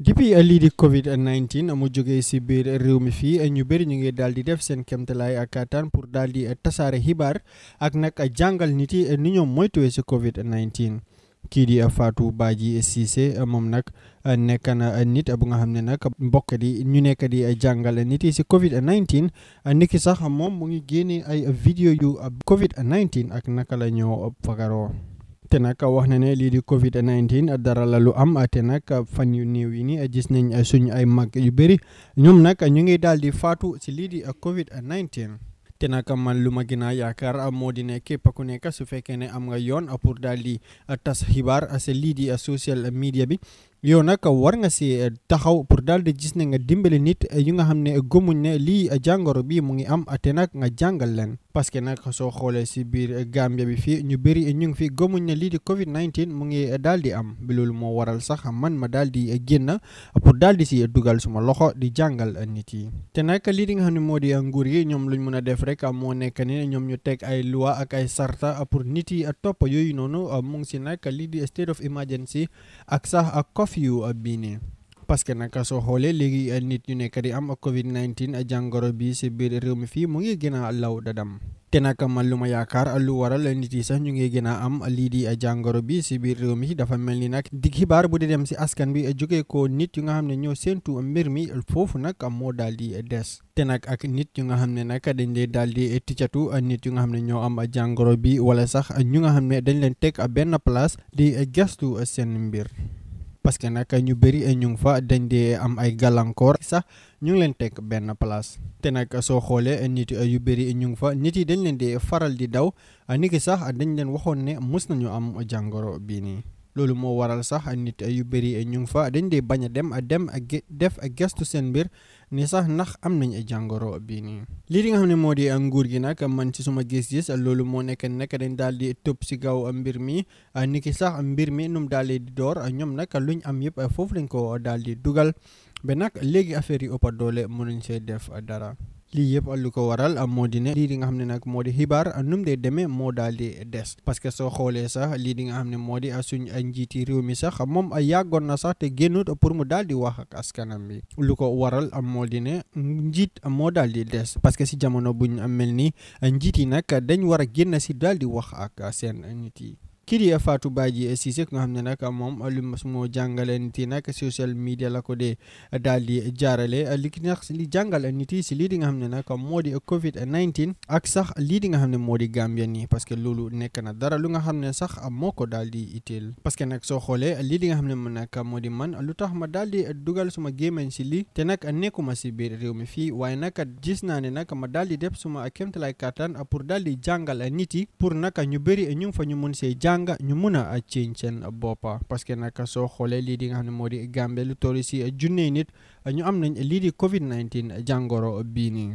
depuis lii di Covid 19 mu jógee si biir réew mi fii ñu bëri ñu ngi daal di def seen kéemtalaay ak kattan pour daal di tasaare xibaar ak nag jàngal nit yi ni ñoom moytuwee si Covid 19. kii di faatu Fatou Badji Cissé moom nag nekk na nit bu nga xam ne nag mbokk di ñu nekk di jàngal nit yi si Covid 19 niki sax moom mu ngi génne ay vidéo yu ab Covid 19 ak naka la ñoo fagaroo. te nag wax na ne lii di Covid 19 dara la lu am te nag fan yu néew yi nii gis nañ suñu ay mag yu bëri ñoom nag ñu ngi daal di faatu ci lii di Covid 19. te nag man lu ma yaakaar a moo di ne képp ku nekk su fekkee ne am nga yoon pour daal di tas xibaar ci lii di social media bi yow nag war nga si eh, taxaw pour daal di gis ne nga dimbali nit eh, yu nga xam ne gëmuñ ne lii eh, jàngoro bi mu ngi am ah, te nag nga jàngal leen parce que nag soo xoolee si biir Gambia bi fii ñu bëri ñu ngi fii gëmuñ ne lii di Covid 19 mu ngi daal di am bi loolu moo waral sax man ma daal di génn ah, pour daal di si dugal suma loxo di jàngal nit yi. te nag lii di nga xam ne moo di nguur yi ñoom luñ mën a def rek ah, moo nekk ni ñoom ñu teg ay loi ak ay sarta pour nit yi topp yooyu noonu mu ngi si nag lii di state of of you bii nii parce que nag soo xoolee léegi eh, nit ñu nekk di am Covid 19 eh, jàngoro bi si biir réew mi fii mu ngi gën a law dadam te nag man lu ma yaakaar lu waral nit yi sax ñu ngi gën a am lii di eh, jàngoro bi si biir réew mi dafa mel ni nag di xibaar bu di dem si askan bi jóge ko nit yu nga xam ne ñoo séentu mbir mi foofu nag moo daal di des. te nag ak nit yu nga xam ne nag dañ leen daal di ticcatu nit yu nga xam ne ñoo am jàngoro bi wala sax ñu nga xam ne dañ leen teg benn place di gestu seen mbir. parce que nag ñu bëri ñu ngi fa dañ dee am ay gàllankoor sax ñu ngi leen teg benn place te nag soo xoolee nit yu bëri ñu ngi fa nit yi dañ leen di faral di daw niki sax dañ leen waxoon ne mus nañu am jàngoro bii nii. loolu moo waral sax nit yu bëri ñu ngi fa dañu dee bañ a dem a dem ak def ak gestu seen mbir ni sax ndax am nañ jàngoro bii nii. lii di nga xam ne moo di nguur gi nag man ci suma gis-gis loolu moo nekk nag dañ daal di tëb ci kaw mbir mii mi niki sax mbir mii nu mu daal di door ñoom nag luñ am yëpp foofu lañ ko daal di dugal ba nag léegi affaire yi ëpp doole mënuñ see def dara. lii yëpp lu ko waral moo di ne lii di nga xam ne nag moo di xibaar a num dee demee moo daal di des parce que soo xoolee sax lii di nga xam ne moo di suñ njiiti réew mi sax moom a yàggoon na sax te génnut pour mu daal di wax ak askanam bi lu ko waral moo di ne njiit moo daal di des parce que si jamono bu buñ mel ni njiit yi nag dañ war a génn si daal di wax ak seen nit yi. kii di Fatou Badji Cissé nga xam ne nag moom li jàngale nit yi nag social media la ko dee daal di jaarale li ki nag li jàngal nit yi si lii di nga xam ne nag moo di Covid 19 ak sax lii di nga xam ne moo di Gambien yi parce que loolu nekk na dara lu nga xam ne sax moo ko daal di itteel parce que nag soo xoolee lii di nga ne man nag moo di man lu tax ma daal di dugal suma gémmañ si lii te nag nekkuma si biir réew mi fii waaye nag gis naa ne nag ma daal di def suma kéemtalaay kattan pour daal di jàngal nit yi pour nag ñu bëri ñu fa ñu mun see jàng tanga nyumuna a eh, chinchen bopa paske na kaso xole li di nga xamne modi gambe lu tori ci eh, junne nit ñu am nañ li covid 19 eh, jangoro bi ni